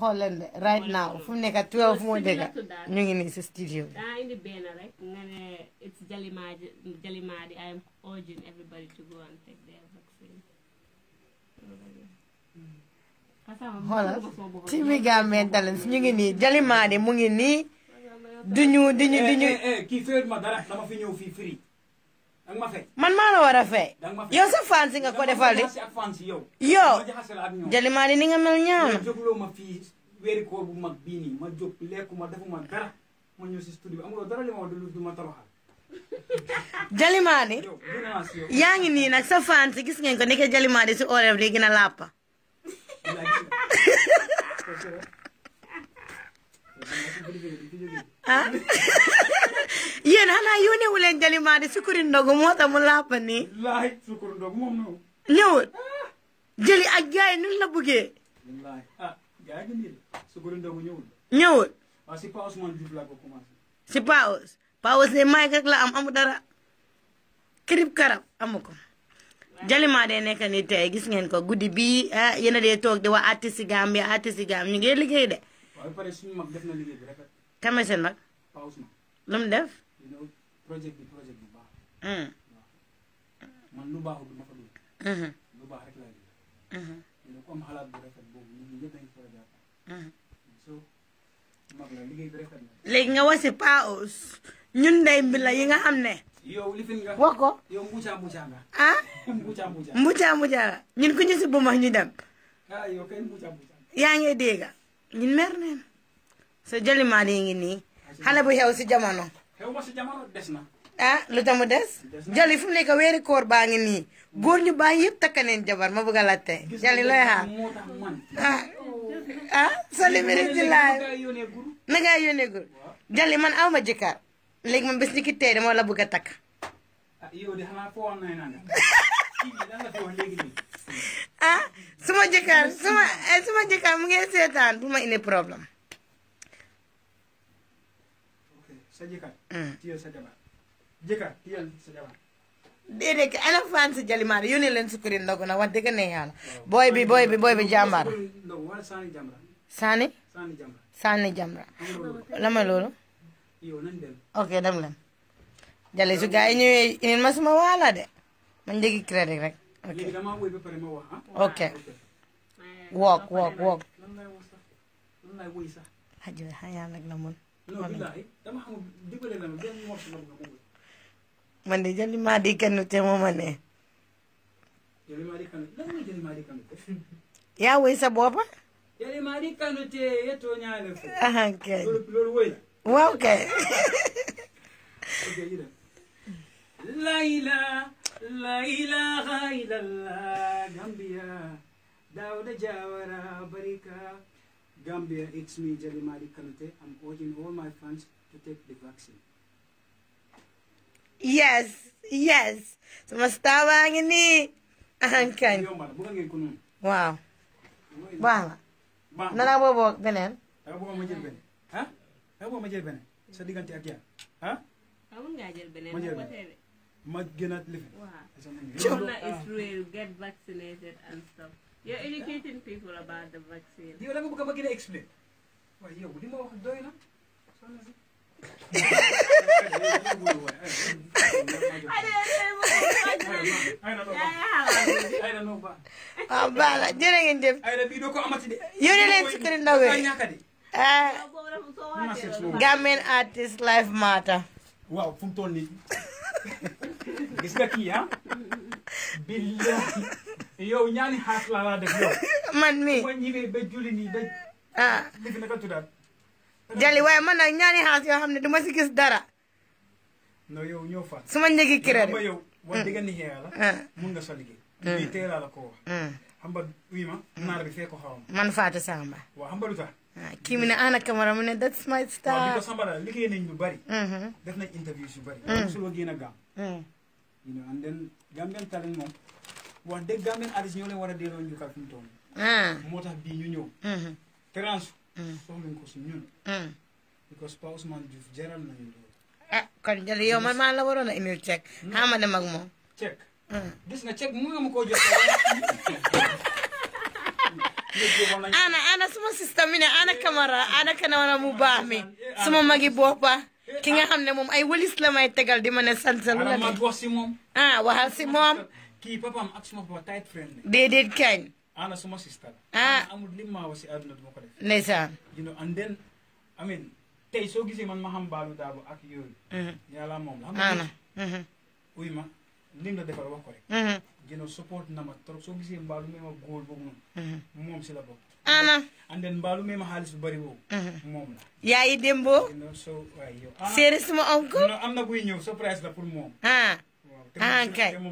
Holland right now fu mu 12 moo dëgg ñu ngi nii si studio bi. daa indi benn rek nga ne it's Jalimadie Jalimadie I am urging everybody to go and take their vaccine. xoolal Timi Gambian Talents ñu ngi nii Jalimadie mu ngi nii. duñu duñu eh, eh, eh, kii fayal ma dara dama fi free. man maa la war a fay yow sa fans nga ko defal di yow Jalimaadi ni nga mel ñaaw na. weeri koor bu mag bii ma jóg lekkuma defuma ma ñëw si studio amuloo ma wax du ma tabaxal. yaa ngi nii nag sa fans gis ngeen ko nekkee Jalimaadi si oreef lii gën a làppa. yéen xanaa yónnee wu leen Jalimaadi sukuri ndogu moo tax mu laapa nii. wallahi sukurin ndogu moom no ñëwul jëli ak gay nun la bugge wallahi ah gay gi nil sukurin ndogu ñewul ñëwul. wa si Paa Ousmane Diouf la ko commencé. si Paa Ous Paa Ous ne may rek la am amu dara krip karam amuko jali ma de nek ni tay gis ngeen ko guddi bi ah yéen a dee toog di wax artiste Gambie artiste gam ñu ngi liggey de. waaye pare suñu mag def na liggey bi rek kamé sen mag. Paa Ousmane. lum def you know project bi project bu baax hmm. man lu baaxul du ma hmm. lu hmm. you know comme xalaat bu rafet boobu dañ so mag la liggéey bi rafet na léegi nga wasi paos ñun ndey mbi la yi nga xam ne yow lifin nga yow nga ah mbuucaa mbuucaa mbuucaa mbuucaa nga ñun ku si bu ñu dem ah yow yaa ngi ñun mer neen so yi ngi nii ah, xale bu xew des ah lu tamu des. jali fu mu nekk weeri koor baa ngi nii góor ñu baa yëpp takkaneen jabar ma bëgg a jali looy xaar ah ah célébrité laay na ngaa yónnee góor jali man aw ma jëkkër léegi man bés ni ki tey ah, ah suma jëkkër suma eh, suma jëkkër mu ngi seetaan bu indi problème. sa jika tiyal sa jika dede jalimar yuni len sukuri ndogo na wadde ke ne oh, boy bi boy bi boy bi jambar sani sani jambar. lama lolo ok dam len jale su gaay ñewé inen masuma wala de man jegi credit rek ok ah, ok walk walk walk hajo hayal nak la non billahi eh, dama xam dibalé na man de jali ma di kanu te mo mané jël ma di kanu lan mo jël ma di kanu ya way sa bopa jël ma di kanu te yeto ya ñaale ko ah kay lolu way waaw kay Laila La ilaha illallah Gambia Dawda Jawara Barika Gambia, it's me, Jelimadi Kanute. I'm urging all my friends to take the vaccine. Yes, yes. Sumastawa ang ini. Angkan. Wow. wow. Bang. Nana bobo benen. Aku bukan mau jadi benen. Hah? Aku bukan mau jadi benen. Sedih ganti aja. Hah? Kamu ah, nggak jadi benen. Mau jadi benen. Mad genat living. Wow. Children Israel get vaccinated and stuff. You're educating people about the vaccine. yow dama bëgg ma gën a explain waaye yow li ma wax doy na soxna si. waaw baax na jërë ngeen jëf. yónnee leen si kër ndaw yi. Gambian artist life matter. waaw fu mu toll nii gis nga kii ah. billahi yow ñaani xaas laa laa def yow man mi ma ñibee ba julli ba ah def naka tuddaat jali way man nak ñaani xaas yo xamne duma ci gis dara no yow ñoo fa suma ñegi kirari ma yow wa diga ni xéela mu nga sa ligé bi hmm. teelaa la ko wax hmm. xam ba wi ma hmm. naar bi fé ko xawam man Fatou Samba wa xam ba lu tax ah, kii ne ana camara mu ne that's my star wa bi ko Samba la ligé nañ lu bari def nañ interview yu bari su la gën gam hmm you know and then Gambian talent mom wax dëgg gambien artiste ñoo leen war a delloo njukkal ah. fi mu toll moo tax bii ñu ñëw mm-hmm. transu mm-hmm. soxlañ ko si ñun mm. because Pa Ousmane Diouf jaral nañu loolu ah kon jël yow man maa la waroon a indil cek hmm? xama dem ak moom cek mm. gis nga cek mu nga ma ana ana suma sista mi ana camara ana kanawana mu baax mi suma magi boppa ki nga xam ne ay walis la may tegal di ma ne sant lu ah waxal si moom kii papaam ak suma papa tight friend ne déedéet kañ ana suma sister ah amul lim maa wasi àdduna du ma ko def ndeysaan you know and then soo gisee man ma xam baalu daabu ak yooyu mm-hmm. yàlla moom la xam nga mm-hmm. uy ma lim mm-hmm. na ma trop soo gisee la bokk ana and then mbaalu mee ma xaalis moom ah. la pour moom ah. ankay ah, ah,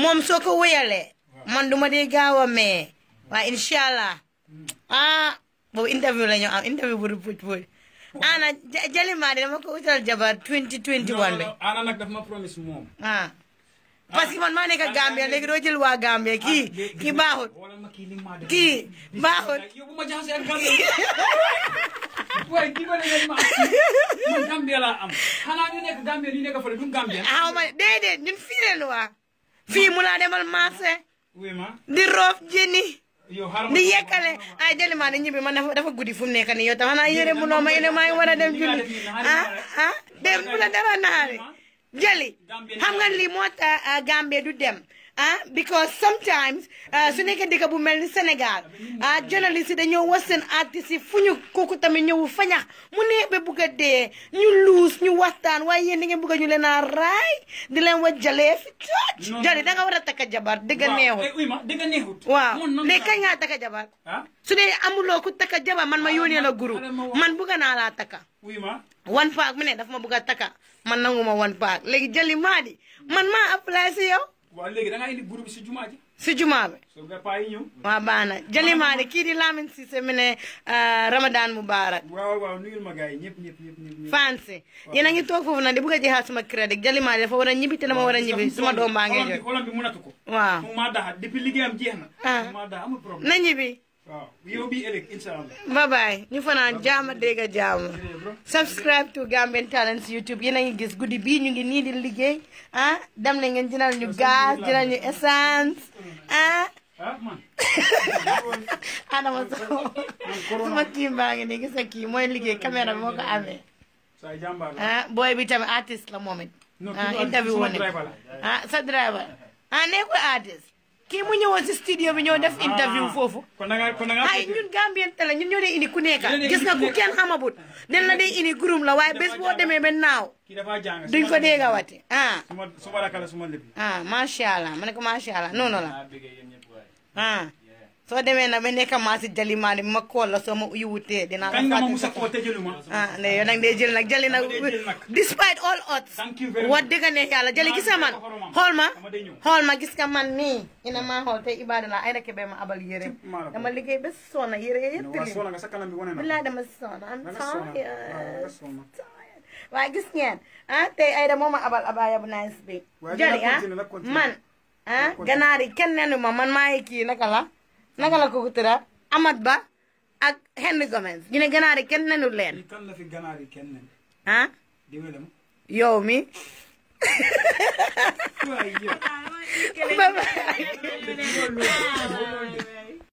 moom soo ko wéyalee man duma dee gaaw a mee waaye incha allah mm. ah boobu interview la ñu am interview bu rëbb bu ana Jalima de dama ko utal jabar 2021 bi. ana nag daf ma promise moom. ah, ah. man maa nekk Gambia léegi doo jël waa Gambia kii kii baaxut kii baaxut. waaye dimbale ngeen ma am nekk ah, waa fii mu laa demal marché. ma di roof jëni. yow di yekkale ay jëli maa ne ñibbi man dafa guddi fu mu nekk nii yow tam yére mu noo ma yére maa ngi war dem julli ah ah dem bu dara naari jëli xam nga lii moo tax ah, Gambie du dem. ah because sometimes ah, su nekkee dëkk bu mel ni Sénégal ah journaliste yi ñëw wax seen artistes yi fu ñu kooku tamit ñëwu fañax mu nee ba bugg dee ñu luus ñu waxtaan waaye yéen da ngeen a ñu leen a raay di leen wa jalee fi cooc jali da nga war a takk jabar dëgg eh, neexut waaw léegi kañ ngaa takk jabar ah? su dee amuloo ku takk jabar man ma ah, yónnee la groupe man bugg naa laa takka one paak mu ne dafa ma bugg a takka man ma one paak léegi jali maa di man maa apply si yow waaw léegi da ngaa si jumaa ji. si jumaa bi. soo ko paa yi ñëw. waaw baax na jëlimaane kii di Lamine Cissé mu ne euh, Ramadan Mubarak. waaw waaw nuyul ma gars yi ñëpp ñëpp a ngi toog foofu nag di bëgg a jeexal sama crédit jëlimaane dafa war a ñibbi te dama war a ñibbi sama doom baa ngay jooy. xolam ko. waaw mu maa na. Ah. mu waaw yow bye bye ñu fanaan jaama dégg jaama. subscribe to Gambian Talents YouTube yéen a ngi gis guddi bii ñu ngi nii di liggéey ah dem na ngeen jëndal ñu gaz jëndal ñu essence ah. Adama Sow suma kii mbaa ngi gis nga kii mooy liggéey caméra bi moo ko amee. ah booy bi tamit artiste la moom it. ah interview woon ah sa driver ah nekkul artiste. kii mu ñëwoon si studio bi ñoo def ah. interview foofu. kon nag kon nag ay ñun Gambien tele ñun ñoo dee indi ku nekka gis nga ku kenn xamabut. den la dee indi groupe la waaye bés boo demee ba naaw. duñ ko déggawati ah. ah macha allah ma ne ko macha allah noonu la ah. so demee na ba nekk maasi jalima bi ma kool la soo ma uyiwutee dinaa la fàttali musa ah ne yo nak day jël nak jali nak despite all odds what dëgg ne yalla jali gis nga man xool ma xool ma gis nga man ni ina ma xool te ibada la ay rek be ma abal yére dama liggéey ba soona yére yëpp tilim billahi dama sona am soona wa gis ngeen ah tey ay da moma ma abal abaya bu nice bi jali ah man ah ganari kenenuma man maa ki nakala naka la ko ko tëral Amat Ba ak Henry Gomez ñu ne ganaari kenn nenul leen. kan la fi ganaari kenn nen. ah. yow mi.